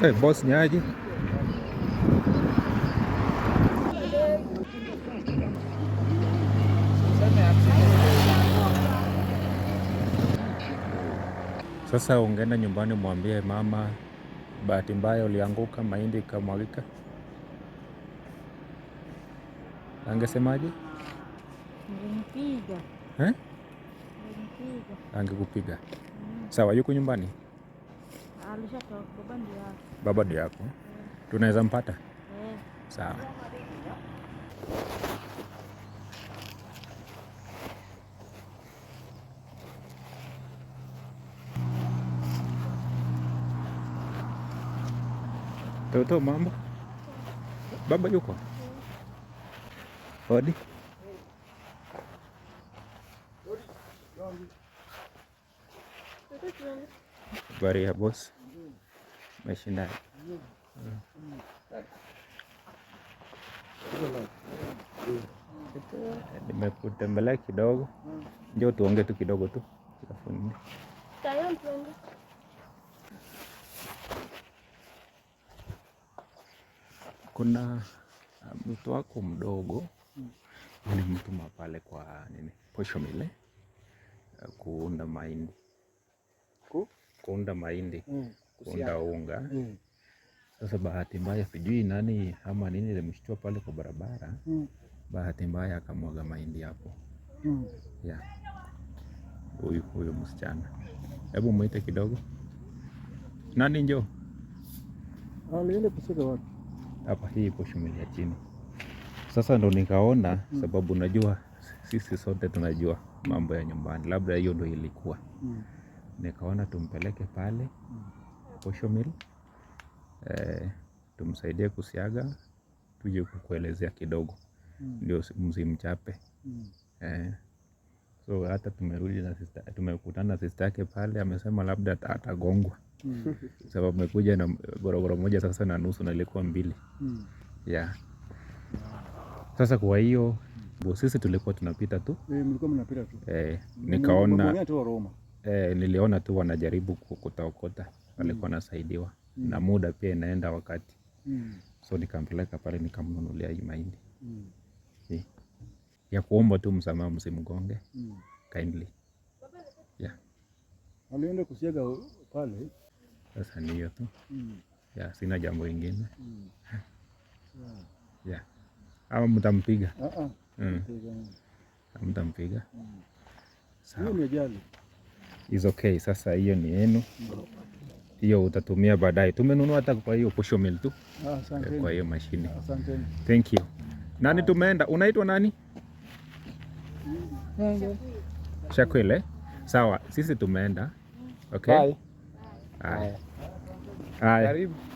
Hey, boss nyaji Sasa ungeenda nyumbani mwambie mama, bahati mbaya ulianguka mahindi ikamwagika, angesemaje? Angekupiga eh? Angekupiga. Sawa, yuko nyumbani. Baba ndio hapo tunaweza mpata yeah. Sawa. Toto, mambo baba yuko odi bari ya mashindano nimekutembelea kidogo, njoo tuonge tu kidogo tu. Kuna mtu wako mdogo nilimtuma pale kwa nini, posho mile kuunda mahindi, kuunda mahindi mm kuunda unga mm. Sasa bahati mbaya sijui nani ama nini ilimshtua pale kwa barabara mm. Bahati mbaya akamwaga mahindi hapo mm. yeah. Huyu huyu msichana, hebu mwite kidogo. Nani njo ah, hapa, hii ipo shumili ya chini. Sasa ndo nikaona mm. sababu najua sisi sote tunajua mambo ya nyumbani, labda hiyo ndo ilikuwa mm. Nikaona tumpeleke pale mm posho mill e, tumsaidie kusiaga, tuje kukuelezea kidogo mm. ndio msimchape mm. e, so hata tumerudi na sister, tumekutana na sister yake pale, amesema labda atagongwa mm. sababu mekuja na gorogoro moja sasa na nusu na ilikuwa mbili mm. yeah. Sasa kwa hiyo sisi tulikuwa tunapita tu e, nikaona e, niliona tu wanajaribu kukotaokota alikuwa mm. anasaidiwa mm. na muda pia inaenda wakati mm. so nikampeleka pale nikamnunulia hii mahindi mm. si. ya kuomba tu msamaha, msimgonge mm. kindly yeah. alienda kusiaga pale. Sasa ni hiyo tu mm. yeah, sina jambo ingine mm. yeah. yeah. ama mtampiga uh-uh. mm. mtampiga mm. mm. Sawa. okay. Sasa hiyo ni yenu. Mm hiyo utatumia baadaye. Tumenunua hata kwa hiyo posho mill tu ah, kwa hiyo mashine. Thank you. Nani ah. tumeenda, unaitwa nani? Shakwile. Sawa, sisi tumeenda. Okay. Bye. Bye. Bye. Bye. Bye.